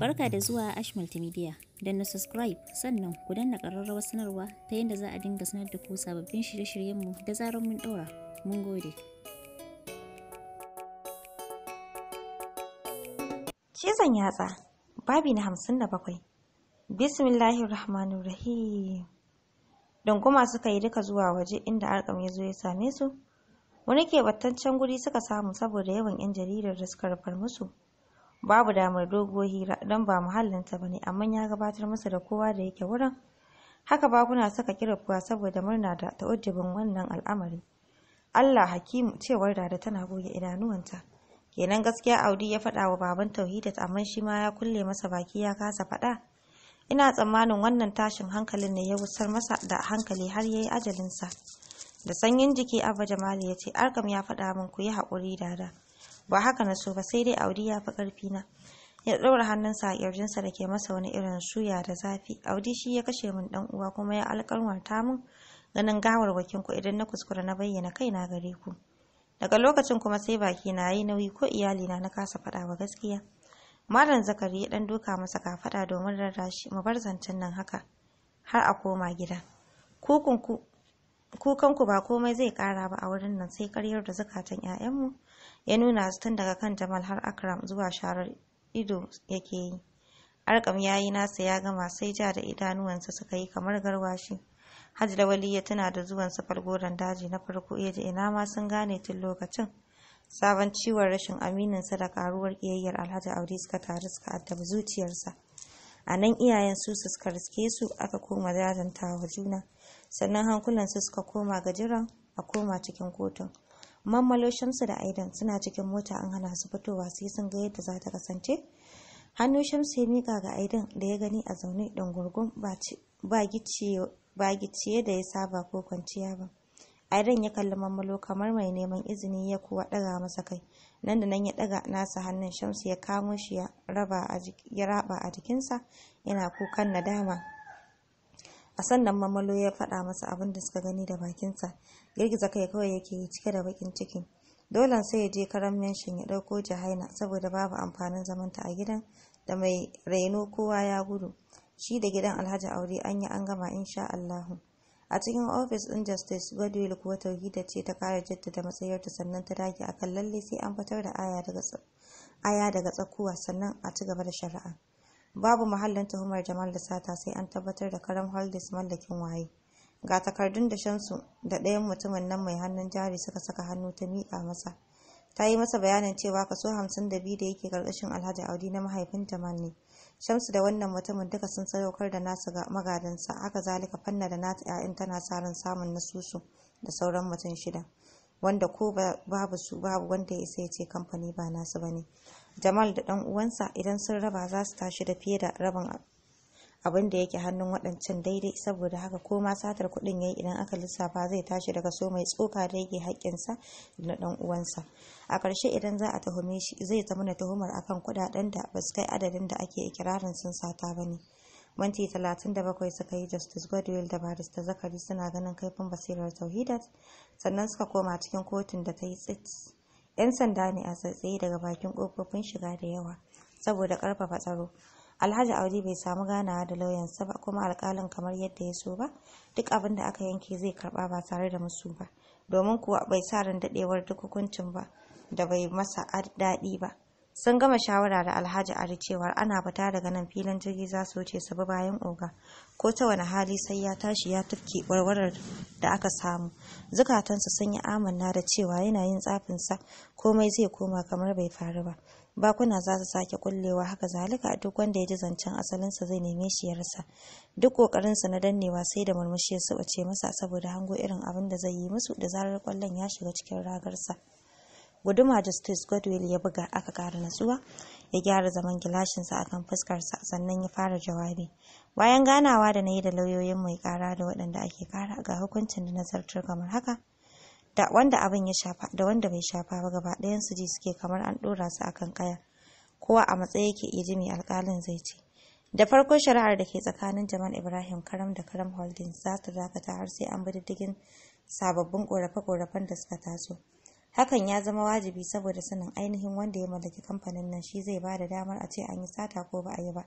Barka da zuwa Ash Multimedia. Don na subscribe sannan ku danna ƙararrawar sanarwa ta yadda za a dinga sanar da ku sababbin shirye-shiryenmu da zarar mun ɗora. Mun gode. Cizon yatsa, babi na hamsin da bakwai. Bismillahirrahmanirrahim. Dunguma suka yi duka zuwa waje inda arkam ya zo ya same su. Wani keɓantaccen guri suka samu saboda yawan 'yan jaridar da suka rufar musu. babu damar doguwar hira don ba muhallinta ba ne amma ya gabatar masa da kowa da yake wurin haka ba kuna saka kirkuwa saboda murna da ta'ujjubin wannan al'amari Allah hakimu cewar da tana goge idanuwanta kenan gaskiya Audi ya faɗa wa baban Tauhidat amma shi ma ya kulle masa baki ya kasa faɗa ina tsammanin wannan tashin hankalin ne ya wusar masa da hankali har ya yi ajalinsa da sanyin jiki Abba Jamali ya ce Arkam ya faɗa min ku yi haƙuri dada ba haka na so ba sai dai audi ya fi karfi na ya ɗaura hannunsa a ƙirjinsa da ke masa wani irin suya da zafi audi shi ya kashe min ɗan uwa kuma ya alƙalwanta min ganin gawarwakin ku idan na kuskura na bayyana kaina gare ku daga lokacin kuma sai baki na yi nauyi ko iyalina na kasa faɗa wa gaskiya malam zakari ya ɗan duka masa kafaɗa domin rarrashi mu bar zancen nan haka har a koma gida kukunku kukanku ba komai zai kara ba a wurin nan sai karyar da zukatan 'ya'yanmu ya nuna su tun daga kan jamal har akram zuwa sharar ido yake yi arkam ya yi nasa ya gama sai ja da idanuwansa suka yi kamar garwashi hajji lawali ya tuna da zuwan safar goron daji na farko ya ji ina ma sun gane tun lokacin sabon ciwon rashin aminin sa da karuwar kiyayyar alhaji audi suka taru suka addabi zuciyarsa a nan iyayen su suka riske su aka koma wa juna sannan hankulansu suka koma ga jiran a koma cikin kotun mammalo shamsu da aidan suna cikin mota an hana su fitowa sai sun ga yadda za ta kasance hannu shamsu ya miƙa ga aidan da ya gani a zaune gurgun ba giciye da ya saba ko kwanciya ba aidan ya kalli mammalo kamar mai neman izini ya kuwa ɗaga masa kai nan da nan ya ɗaga nasa hannun shamsu ya kamo shi ya raba a jikinsa yana kukan nadama a sannan mamalo ya faɗa masa abin da suka gani da bakinsa girgiza kai kawai yake yi cike da bakin ciki dole sai ya je karamin shin ya ɗauko jahaina saboda babu amfanin zamanta a gidan da mai raino kowa ya gudu shi da gidan alhaji aure an yi an gama insha allahu a cikin ofis ɗin justice godwill kuwa tauhida ce ta kara jaddada matsayarta sannan ta dage a kan lalle sai an fitar da aya daga tsakuwa sannan a ci gaba da shari'a babu mahallin tuhumar jamal da sata sai an tabbatar da karam holdis mallakin waye ga takardun da shamsu da ɗayan mutumin nan mai hannun jari suka saka hannu ta miƙa masa ta yi masa bayanin cewa kaso hamsin da biyu da yake karkashin alhaji audi na mahaifin jamal ne shamsu da wannan mutumin duka sun sadaukar da nasu ga magadansa haka zalika fanna da nata 'ya'yan tana sa ran samun nasusu da sauran mutum shida wanda ko babu su babu wanda ya isa ya ce kamfani ba nasu ba ne jamal da ɗan uwansa idan sun raba za su tashi da fiye da rabin abin da yake hannun waɗancan daidai saboda haka ko ma satar kuɗin yayi idan aka lissafa zai tashi daga so mai tsoka da yake haƙƙinsa na ɗan uwansa a ƙarshe idan za a tuhume shi zai zama na tuhumar akan kuɗaɗen da ba su kai adadin da ake ikirarin sun sata ba ne minti talatin da bakwai suka yi justice godwill da barista zakari suna ganin kaifin basirar tauhidat sannan suka koma cikin kotun da ta yi tsit 'yan sanda ne a tsatsaye daga bakin kofofin shiga da yawa saboda karfafa tsaro alhaji audi bai samu ganawa da lauyansa ba kuma alkalin kamar yadda ya so ba duk abin da aka yanke zai karba ba tare da musu ba domin kuwa bai sa ran dadewar duk hukuncin ba da bai masa daɗi ba sun gama shawara da alhaji ari cewar ana fita daga nan filin jirgi za su wuce su bi bayan oga ko ta wani hali sai ya tashi ya tafke warwarar da aka samu zukatansa sun yi amanna da cewa yana yin tsafinsa komai zai koma kamar bai faru ba bakuna za su sake kullewa haka zalika a duk wanda ya ji zancen asalinsa zai neme shi ya rasa duk kokarinsa na dannewa sai da murmushi ya bace masa saboda hango irin abin da zai yi musu da zarar kwallon ya shiga cikin ragarsa guduma justice godwill ya buga aka kara natsuwa ya gyara zaman gilashinsa akan fuskarsa sannan ya fara jawabi bayan ganawa da na yi da lauyoyin mai kara da waɗanda ake ƙara ga hukuncin da nazartar kamar haka da wanda abin ya shafa da wanda bai shafa ba gaba ɗayan su ji suke kamar an ɗora su akan kaya kowa a matsayi yake iya ji alƙalin zai ce da farko shari'ar da ke tsakanin jamal ibrahim karam da karam holdings za ta dakata har sai an bi diddigin sababbin ƙorafe-ƙorafen da suka taso hakan ya zama wajibi saboda sanin ainihin wanda ya mallaki kamfanin nan shi zai ba da damar a ce an yi sata ko ba a yi ba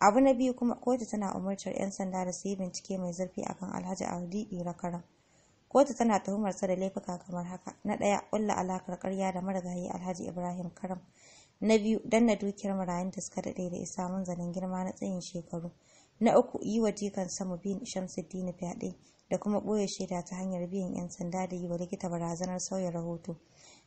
abu na biyu kuma kotu tana umartar 'yan sanda da su yi bincike mai zurfi akan alhaji audi karam kotu tana tuhumar da laifuka kamar haka na ɗaya ƙulla alakar karya da marigayi alhaji ibrahim karam na biyu danna dukiyar marayun da suka daɗe da isa mun zanen girma na tsayin shekaru na uku yi wa jikan bin shamsuddin fyaɗe da kuma ɓoye shaida ta hanyar biyan 'yan sanda da yi wa likita barazanar sauya rahoto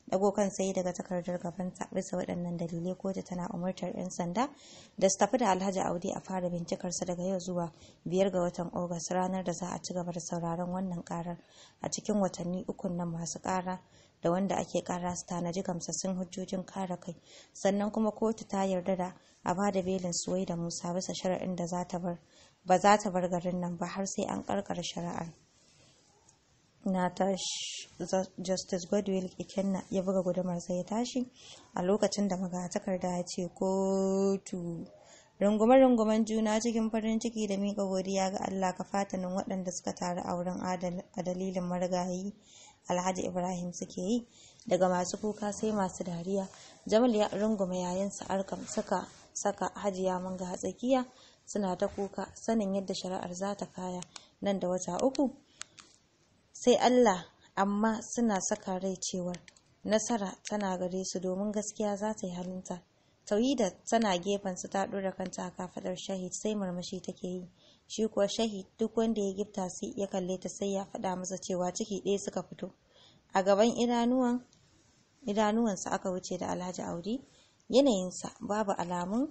dago kan sai daga takardar gaban ta bisa waɗannan dalilai kotu tana umartar 'yan sanda da su tafi da alhaji audi a fara bincikarsa daga yau zuwa biyar ga watan ogas ranar da za a ci gaba da sauraron wannan karar a cikin watanni ukun nan masu kara da wanda ake kara su tanaji gamsassun hujjojin kare kai sannan kuma kotu ta yarda da a ba da belin suwai da musa bisa shari'in da za ta bar ba za ta bar garin nan ba har sai an karkar shari'ar Natash justice godwill ikenna ya buga gudumar sai ya tashi a lokacin da magatakarda ya ce kotu rungume-rungumen juna cikin farin ciki da miƙa godiya ga allah ka fatanin waɗanda suka taru a wurin a dalilin marigayi alhaji ibrahim suke yi daga masu kuka sai masu dariya jamal ya rungume yayin sa suka saka hajiya manga tsakiya suna ta kuka sanin yadda shari'ar za ta kaya nan da wata uku sai Allah amma suna saka rai cewa nasara tana gare su domin gaskiya za ta yi halinta tauhida tana gefen su ta dora kanta a kafaɗar shahid sai murmushi take yi shi kuwa shahid duk wanda ya gifta sai ya kalle ta sai ya faɗa masa cewa ciki ɗaya suka fito a gaban idanuwan idanuwansa aka wuce da alhaji audi yanayinsa babu alamun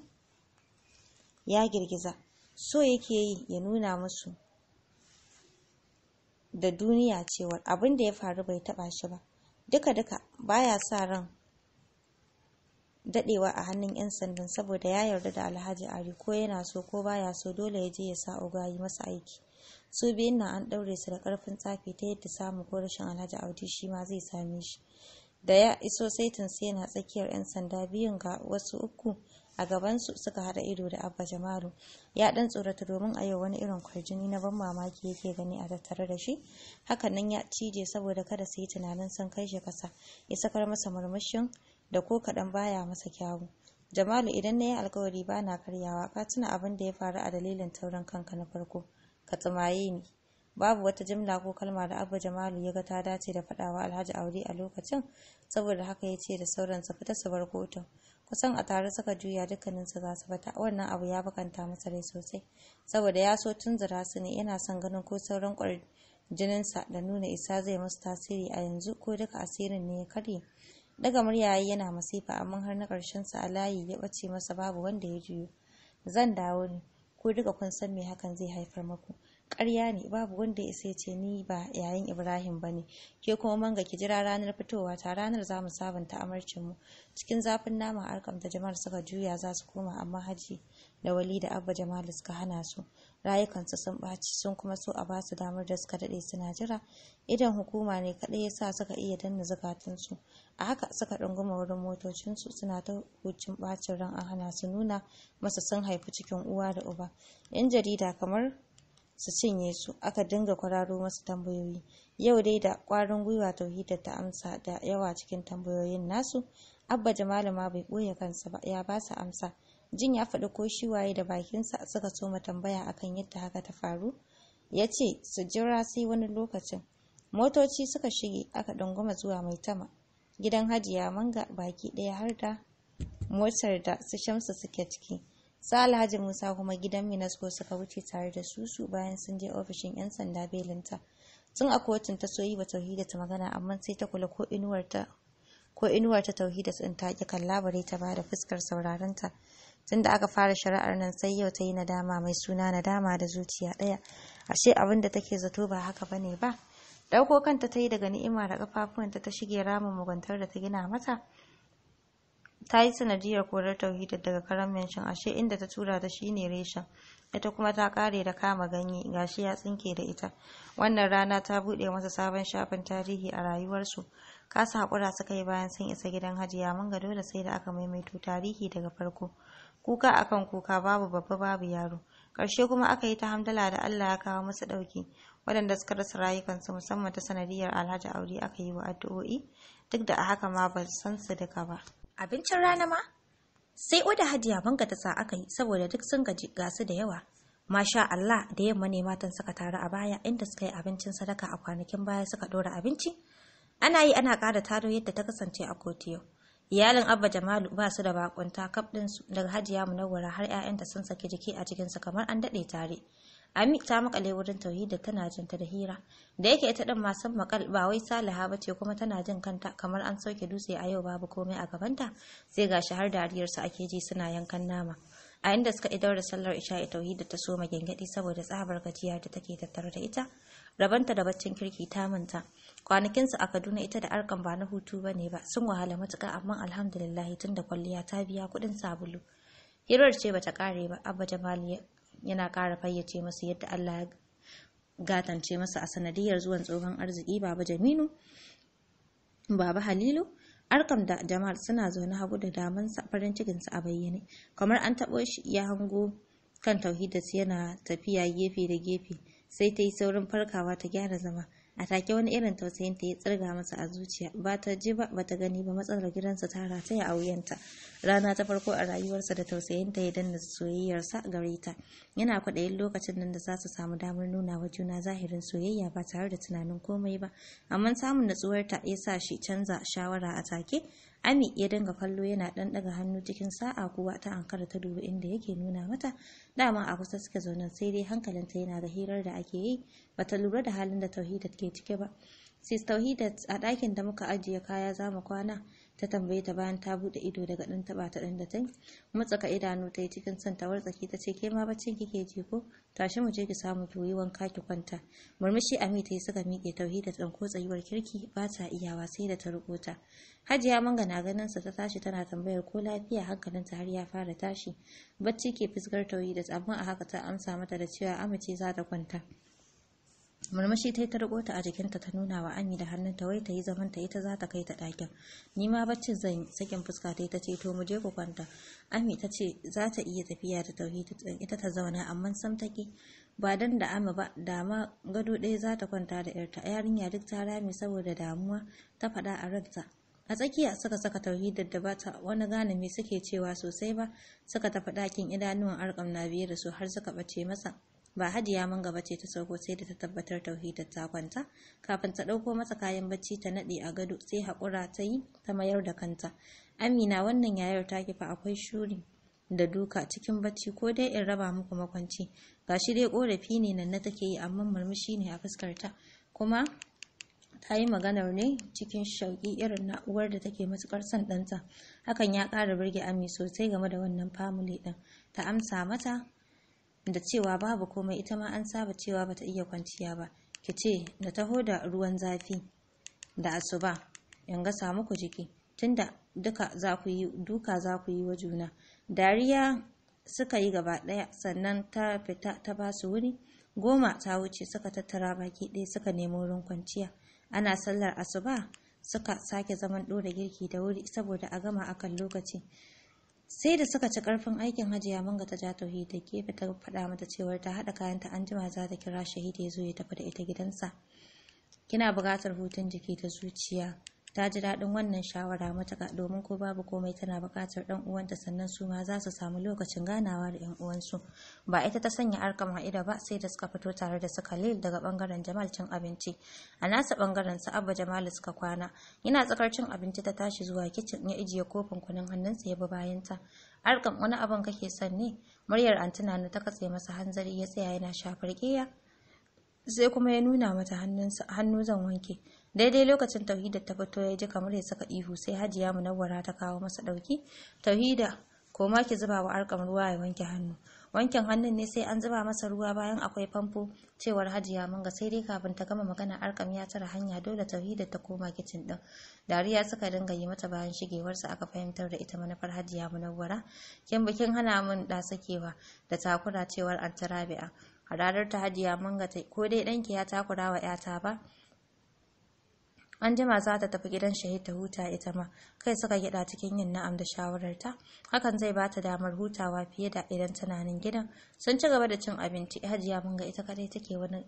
ya girgiza so yake yi ya nuna musu da duniya cewar abin da ya faru bai taba shi ba duka-duka baya sa ran dadewa a hannun 'yan sandan saboda ya yarda da alhaji ari ko yana so ko baya so dole ya je ya sa ogayi masa aiki su biyun na an daure su da karfin tsafi ta yadda samu ko rashin alhaji audi shi ma zai same shi da ya iso saitin sai yana tsakiyar 'yan sanda biyun ga wasu uku a gabansu suka hada ido da abba jamalu ya ɗan tsorata domin a yau wani irin kwarjini na ban mamaki yake gani a tattare da shi hakan nan ya cije saboda kada su yi tunanin san kai shi kasa ya sakar masa murmushin da ko kaɗan baya masa kyawu jamalu idan na yi alkawari ba na karyawa ka tuna abin da ya faru a dalilin taurin kanka na farko ka tsimaye ni babu wata jimla ko kalma da abba jamalu ya ga ta dace da fadawa alhaji aure a lokacin saboda haka ya ce da sauransa fita su bar kotun kusan a tare suka juya dukkanin su gasu bata wannan abu ya bakanta masa rai sosai saboda ya so zira su ne yana son ganin ko sauran kwar jininsa da nuna isa zai musu tasiri a yanzu ko duka asirin ne ya karye daga murya yayi yana masifa amma har na karshen sa a layi ya bace masa babu wanda ya juyo zan dawo ne ko duka kun san me hakan zai haifar muku ƙarya ne babu wanda ya sai ce ni ba yayin ibrahim ba ne ke kuma manga ki jira ranar fitowa ta ranar za mu sabunta amarcinmu cikin zafin nama arkam da jama'ar suka juya za su koma amma haji da wali da abba Jamalu suka hana su rayukansu sun ɓaci sun kuma so a ba su damar da suka daɗe suna jira idan hukuma ne kaɗai ya sa suka iya danna zukatansu a haka suka ɗunguma wurin motocinsu suna ta hucin ɓacin ran an hana su nuna masa sun haifi cikin uwa da uba yan jarida kamar su cinye su aka dinga kwararo masu tambayoyi yau dai da kwarin gwiwa tauhida ta amsa da yawa cikin tambayoyin nasu abba jamalama bai ɓoye kansa ba ya ba su amsa jin ya faɗi ko shi waye da bakinsa suka soma tambaya akan yadda haka ta faru ya ce su jira sai wani lokacin motoci suka shige aka ɗunguma zuwa mai tama gidan hajiya manga baki ɗaya har da motar da su shamsu suke ciki su alhaji musa kuma gidan minasco suka wuce tare da susu bayan sun je ofishin yan sanda belinta tun a kotun ta soyi ba tauhida ta magana amma sai ta kula ko inuwar ta tauhida sun ta ki kalla bare ta ba da fuskar tun tunda aka fara shari'ar nan sai yau ta yi nadama mai suna nadama da zuciya ɗaya ashe abin da take zato ba haka bane ba Ɗauko kanta ta yi daga ni'ima da kafafuwanta ta shige ramin muguntar da ta gina mata ta yi sanadiyar korar tauhida daga karan shin ashe inda ta tura ta shine reshen ita kuma ta kare da kama ganye gashi ya tsinke da ita wannan rana ta buɗe masa sabon shafin tarihi a rayuwarsu kasa haƙura suka yi bayan sun isa gidan hajiya mun dole sai da aka maimaito tarihi daga farko kuka a kan kuka babu babba babu yaro ƙarshe kuma aka yi ta hamdala da Allah ya kawo masu ɗauki waɗanda suka rasa rayukansu musamman ta sanadiyar alhaji aure aka yi wa addu'o'i duk da a haka ma ba san su duka ba Abincin rana ma? Sai oda hajiya banga ta sa aka yi saboda duk sun gaji gasu da yawa. Masha Allah da yamma ne matan suka taru a baya inda suka yi abincin sadaka a kwanakin baya suka ɗora abinci. Ana yi ana ƙara taro yadda ta kasance a kotu yau. Iyalin Abba Jamalu ba su da bakunta kaf ɗinsu daga Hajiya Munawwara har 'ya'yanta sun saki jiki a cikinsu kamar an daɗe tare. Ami ta makale wurin tauhida tana jin ta da hira. Da yake ita din ma san makal ba wai Salaha bace kuma tana jin kanta kamar an sauke dutse a yau babu komai a gabanta. Sai shi har dariyar su ake ji suna yankan nama. A inda suka idar da sallar isha'i tauhida ta soma gyangyaɗi saboda tsabar gajiya da take tattare da ita. Rabanta da baccin kirki ta manta. Kwanakin su a Kaduna ita da arkan ba na hutu bane ba sun wahala matuka. amma alhamdulillah tunda kwalliya ta biya kuɗin sabulu. Hirar ce bata kare ba, Abba Jamal yana ƙara fayyace masu yadda Allah ya gatance masa a sanadiyar zuwan tsohon arziki baba Jaminu baba Halilu Arkam da Jamal suna zaune hagu da damar farin cikinsa a bayyane kamar an taɓo shi ya hango kan tauhidas yana tafiya gefe da gefe sai ta yi saurin farkawa ta gyara zama a take wani irin tausayin ta ya tsirga masa a zuciya ba ta ji ba ba ta gani ba matsalar gidansa ta rataya a wuyanta rana ta farko a rayuwarsa da tausayin ta ya danna soyayyarsa gare ta yana kwaɗayin lokacin nan da za su samu damar nuna wa juna zahirin soyayya ba tare da tunanin komai ba amma samun natsuwarta ya sa shi canza shawara a take Ami ya dinga kallo yana ɗan ɗaga hannu cikin sa'a kowa ta ankara ta dubi inda yake nuna mata. Dama a kusa suke zaune sai dai hankalinta yana da hirar da ake yi, bata lura da halin da Tauhidat ke ciki ba. Sis Tauhidat a ɗakin da muka ajiye kaya za mu kwana. ta tambaye ta bayan ta bude ido daga dan taba ta dan da tai mutsaka idanu ta yi cikin son ta wartsaki ta ce ke ma bacci kike ji ko tashi mu je ki samu ki yi wanka ki kwanta murmushi ami ta yi suka miƙe tauhida dan ko tsayuwar kirki ba ta iyawa sai da ta rubuta. hajiya manga na ganin sa ta tashi tana tambayar ko lafiya hankalin ta har ya fara tashi bacci ke fuskar tauhida amma a haka ta amsa mata da cewa amince za ta kwanta murmushi ta yi ta riko ta a jikinta ta nuna wa ami da hannunta wai ta yi zaman ta ita za ta kai ta ɗakin ni ma baccin zan sakin fuska ta yi ta ce to mu je ku kwanta ami ta ce za ta iya tafiya da ta ita ta zauna amma sam take ba dan da ama ba da gado ɗaya za ta kwanta da yarta yarinya duk ta rame saboda damuwa ta faɗa a ranta a tsakiya suka saka tauhidar da bata wani gane me suke cewa sosai ba suka tafi ɗakin idanuwan arkam na biye da su har suka ɓace masa ba hajiya mun gaba ce ta sauko sai da ta tabbatar tauhidar ta kwanta kafin ta ɗauko masa kayan bacci ta naɗe a gado sai haƙura ta yi ta mayar da kanta amina wannan yayar ta kifa akwai shuri da duka cikin bacci ko dai in raba muku makwanci gashi dai korafi ne nan na take yi amma murmushi ne a fuskarta kuma ta yi maganar ne cikin shauƙi irin na uwar da take matuƙar son ɗanta hakan ya ƙara burge ami sosai game da wannan famili ɗin ta amsa mata da cewa babu komai ita ma an saba cewa bata iya kwanciya ba ki ce na taho da ruwan zafi da asuba in ga samu ku jiki tunda duka za ku yi duka za ku yi wa juna dariya suka yi gaba ɗaya sannan ta fita ta ba su wuri goma ta wuce suka tattara baki ɗaya suka nemo wurin kwanciya ana sallar asuba suka sake zaman ɗora girki da wuri saboda a gama akan lokaci sai da suka ci karfin aikin hajiya manga ta ja tauhi da gefe ta faɗa mata cewar ta haɗa kayanta ta anjima za ta kira shahidi ya zo ya tafi da ita gidansa kina buƙatar hutun jiki da zuciya ta ji daɗin wannan shawara matuka domin ko babu komai tana buƙatar ɗan uwanta sannan su ma za su samu lokacin ganawa da 'yan uwansu ba ita ta sanya arkam ha'ida ba sai da suka fito tare da su khalil daga bangaren jamal cin abinci a nasa bangaren su abba jamal suka kwana yana tsakar cin abinci ta tashi zuwa kicin ya ijiye kofin kunun hannunsa ya bi bayanta arkam wani abin kake son ne muryar antina na ta katse masa hanzari ya tsaya yana shafar ƙiya sai kuma ya nuna mata hannu zan wanke daidai lokacin tauhida ta fito ya ji kamar ya saka ihu sai hajiya munawwara ta kawo masa ɗauki tauhida koma ki zuba wa arkam ruwa ya wanke hannu wankin hannun ne sai an zuba masa ruwa bayan akwai famfo cewar hajiya manga sai dai kafin ta gama magana arkam ya tara hanya dole tauhida ta koma kicin din dariya suka dinga yi mata bayan shigewarsa aka fahimtar da ita manufar hajiya munawwara kin bikin hana mun da sakewa da takura cewar antarabi'a a ranar ta hajiya manga ta, ko dai danki ya takura wa 'yata ba an jima za ta tafi gidan shahid ta huta ita ma kai suka gida cikin yin na'am da shawararta hakan zai bata damar hutawa fiye da idan tana nan gidan sun ci gaba da cin abinci hajiya mun ga ita kadai take wani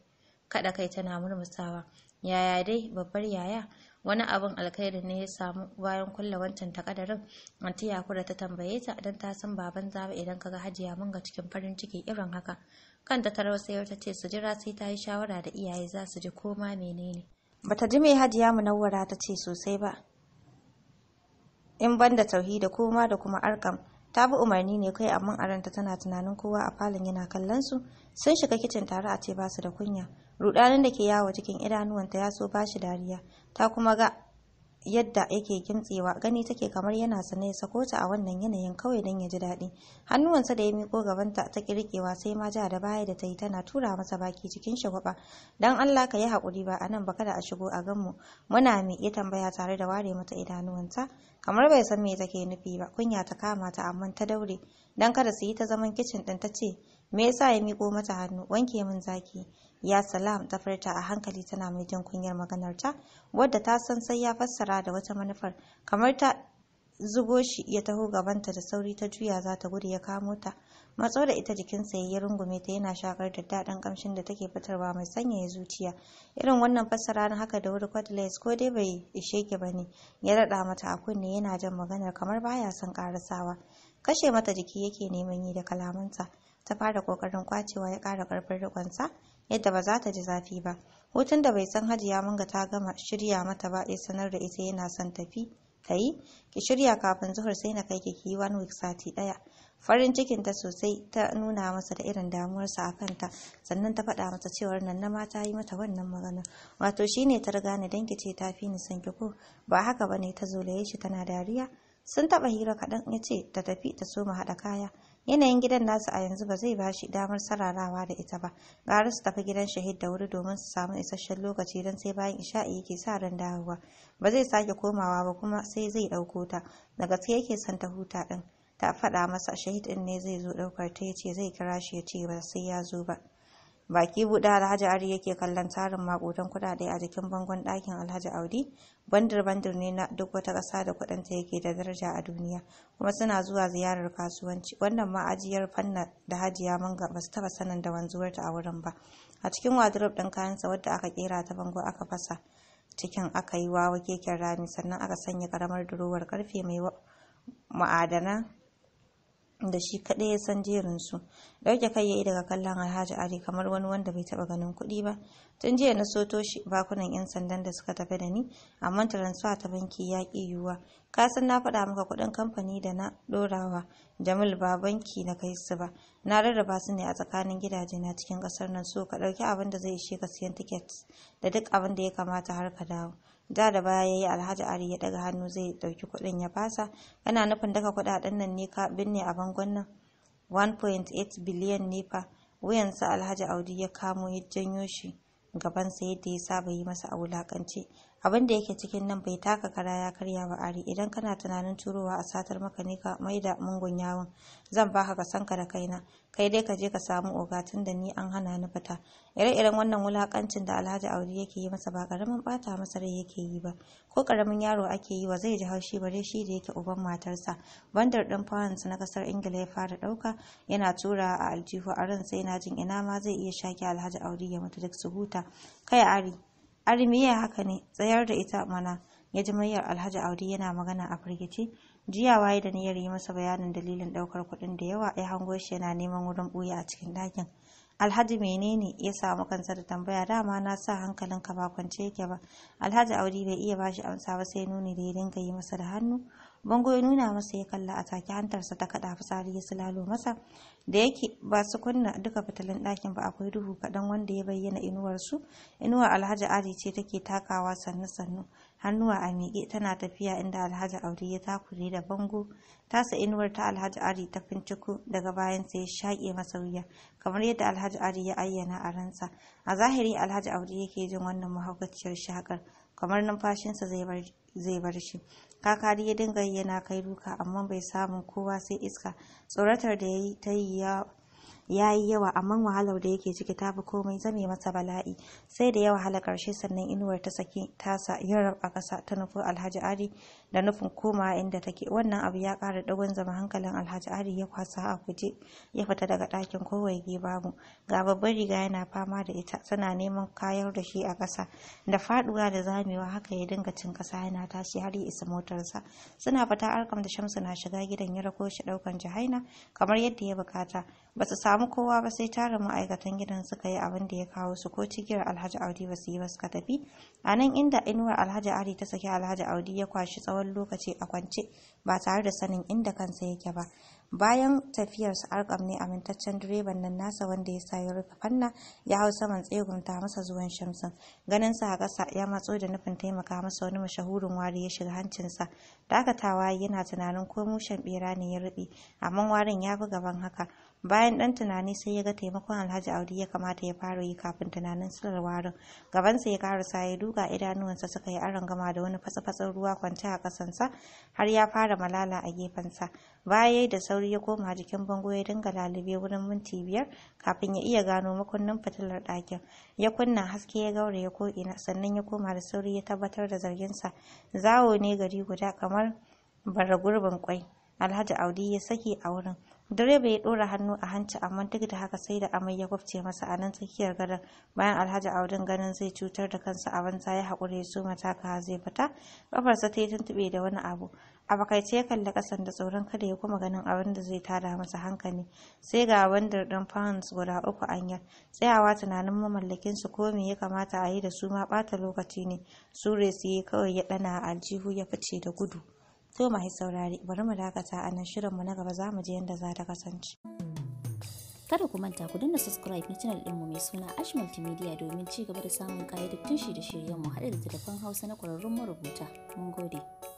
kada kai tana murmusawa yaya dai babbar yaya wani abin alkhairi ne ya samu bayan kulle wancan takadarin anti yakura ta tambaye ta dan ta san baban zaba idan kaga hajiya mun ga cikin farin ciki irin haka kanta ta ta ce su jira sai ta yi shawara da iyaye za su ji koma menene bata ji mai hajiya munawwara ta ce sosai ba in banda tauhida koma da kuma arkam ta bi umarni ne kai amma aranta tana tunanin kowa a falon yana kallon su sun shiga kicin tare a ce ba su da kunya rudanin da ke yawo cikin idanuwanta ya so ba shi dariya ta kuma ga yadda yake kimtsewa gani take kamar yana sane ya ta a wannan yanayin kawai don ya ji daɗi hannuwansa da ya miko gabanta ta kirkewa sai ma ja da baya da ta yi tana tura masa baki cikin shagwaba dan Allah ka yi haƙuri ba anan ba kada a shigo a ganmu muna mai ya tambaya tare da ware mata idanuwanta kamar bai san me take nufi ba kunya ta kama ta amma ta daure dan kada su yi ta zaman kicin ɗin, ta ce me yasa ya miko mata hannu wanke min zaki ya salam ta furta a hankali tana mai jin kunyar maganarta wadda ta san sai ya fassara da wata manufar kamar ta zubo shi ya taho gabanta da sauri ta juya za ta gudu ya kamo ta matso da ita jikinsa ya rungume ta yana shakar da daɗin kamshin da take fitarwa mai sanyaya zuciya irin wannan fassara na haka da wuri cordless ko dai bai ishe ki ba ne ya raɗa mata a kunne yana jan maganar kamar baya son ƙarasawa kashe mata jiki yake neman yi da kalamanta ta fara kokarin kwacewa ya ƙara ƙarfin rikonsa yadda ba za ta ji zafi ba hutun da bai san hajiya manga ta gama shirya mata ba ya sanar da ita yana son tafi ta yi ki shirya kafin zuhur sai na kai ki yi one week sati ɗaya farin cikin ta sosai ta nuna masa da irin damuwarsa a kanta sannan ta faɗa masa cewar nan na mata yi mata wannan magana wato shine ta riga ni ki ce tafi fi ni san ki ko ba haka bane ta zolaye shi tana dariya sun taɓa hira kaɗan ya ce ta tafi ta soma haɗa kaya yanayin gidan nasu a yanzu ba zai ba shi damar sararawa da ita ba gara su tafi gidan shahid da wuri domin su samu isasshen lokaci don sai bayan isha'i yake sa ran dawowa ba zai sake komawa ba kuma sai zai ɗauko ta da gaske yake son ta huta ɗin ta faɗa masa shahid ɗin ne zai zo ɗaukar ta ya ce zai kira shi ya ce ba sai ya zo ba baki buɗe alhaji ari yake kallon tarin maƙudan kuɗaɗe a jikin bangon ɗakin alhaji audi bandir-bandir ne na duk wata ƙasa da kuɗinta yake da daraja a duniya kuma suna zuwa ziyarar kasuwanci wannan ma'ajiyar fanna da hajiya manga ba su taɓa sanin da wanzuwarta a wurin ba a cikin wadrop ɗin kayansa wadda aka kera ta bango aka fasa cikin aka yi wawa keken rami sannan aka sanya ƙaramar durowar ƙarfe mai ma'adana da shi kaɗai ya san jerin su ɗauke kai ya daga kallon alhaji ali kamar wani wanda bai taɓa ganin kuɗi ba tun jiya na soto shi bakunan yan sandan da suka tafi da ni amma taransuwa ta banki ya ƙi yiwuwa ka san na faɗa maka kuɗin kamfani da na ɗorawa jamil ba banki na kai su ba na rarraba su ne a tsakanin gidaje na cikin ƙasar nan so ka ɗauki abin da zai ishe ka siyan tiket da duk abin da ya kamata har ka dawo ja da baya ya yi alhaji ari ya daga hannu zai dauki kuɗin ya fasa yana nufin daga kudaden nan ne ka binne a bangon nan 1.8 biliyan ne fa wuyansa alhaji audi ya kamo ya janyo shi sa yadda ya saba yi masa a wulakance abin da yake cikin nan bai taka kara ya karya ba ari idan kana tunanin turowa a satar maka ne ka maida mungun yawon zan baka ka sanka da kaina kai dai ka je ka samu oga tun da ni an hana ni fita ire-iren wannan wulakancin da alhaji auri yake yi masa ba karamin bata masa rai yake yi ba ko karamin yaro ake yi wa zai ji haushi bare shi da yake uban matarsa bandar din pounds na kasar ingila ya fara dauka yana tura a aljihu a ran sai na jin ina ma zai iya shaki alhaji auri ya mutu duk su huta kai ari armiya haka ne tsayar da ita mana ya ji muryar alhaji audi yana magana a firgici jiya waye da niyyar yi masa bayanin dalilin daukar kuɗin da yawa ya hango shi yana neman wurin ɓuya a cikin ɗakin alhaji menene ya samu kansa da tambaya dama na sa hankalinka ba kwance yake ba alhaji audi bai iya bashi amsa ba sai nuni da ya dinga yi masa da hannu bango ya nuna masa ya kalla a take hantarsa ta kada fitsari ya silalo masa da yake ba su kunna duka fitilun ɗakin ba akwai duhu kaɗan wanda ya bayyana inuwarsu inuwar alhaji ari ce take takawa sannu sannu hannuwa a miƙe tana tafiya inda alhaji aure ya takure da bango tasa inuwar ta alhaji ari ta finciku daga bayan sai ya shaƙe masa wuya kamar yadda alhaji ari ya ayyana a ransa a zahiri alhaji aure yake jin wannan mahaukaciyar shakar kamar numfashinsa zai bar shi kakari ya dinga yi yana kai duka amma bai samu kowa sai iska tsoratar da ya yi ta yi ya yi yawa amma wahalar da yake ciki ta fi komai zame masa bala'i sai da yawa wahala karshe sannan inuwar ta saki tasa yarab a kasa ta nufo alhaji ari da nufin komawa inda take wannan abu ya kara dagon zama hankalin alhaji ari ya kwasa a kuje ya fita daga dakin kowai babu ga babban riga yana fama da ita suna neman kayar da shi a kasa da faɗuwa da zamewa haka ya dinga cin ƙasa yana tashi har ya isa motarsa suna fita arkam da shamsu na shiga gidan ya rako shi ɗaukan jahaina kamar yadda ya bukata ba su samu kowa ba sai tara ma'aikatan gidan suka yi abin da ya kawo su ko cigiyar alhaji audi ba su yi ba suka tafi a nan inda inuwar alhaji ari ta saki alhaji audi ya kwashi tsawon dogon lokaci a kwance ba tare da sanin inda kansa yake ba bayan tafiyar tafiyarsa arkam ne amintaccen direban nan nasa wanda ya sa ya rufe fanna ya hau saman tsegunta masa zuwan shamsin ganin sa a ƙasa ya matso da nufin taimaka masa wani mashahurin wari ya shiga hancinsa dakatawa yana tunanin ko mushen bera ne ya rufe amma warin ya fi gaban haka bayan dan tunani sai ya ga taimakon alhaji audi ya kamata ya fara yi kafin tunanin silar warin gabansa ya karasa ya duka idanuwansa suka yi aron gama da wani fasafasan ruwa kwance a kasansa har ya fara malala a gefensa baya da sauri ya koma jikin bango ya dinga lalube wurin minti biyar kafin ya iya gano makunnin fitilar ɗakin ya kunna haske ya ya ko'ina sannan ya koma da sauri ya tabbatar da zarginsa zawo ne gari guda kamar bara gurbin kwai alhaji audi ya saki a wurin direba ya dora hannu a hanci amma duk da haka sai da amai ya kwafce masa a nan tsakiyar gadon bayan alhaji audun ganin zai cutar da kansa a banza ya haƙura ya so ka zai fita kafarsa ta yi tuntuɓe da wani abu a bakaice ya kalli kasan da tsoron kada ya kuma ganin abin da zai tada masa hankali sai ga wandar dan fans guda uku anyar tsayawa tunanin mamallakin su ko me ya kamata a yi da su ma ɓata lokaci ne sure su yi kawai ya ɗana aljihu ya fice da gudu To mai saurari bari mu dakata a nan shirin mu na gaba za mu je yadda za ta kasance. Kada ku manta ku dinna subscribe na channel ɗinmu mai suna Ash Multimedia domin ci gaba da samun ƙayyadattun shi da mu haɗa da Hausa na ƙwararrun marubuta. Mun gode.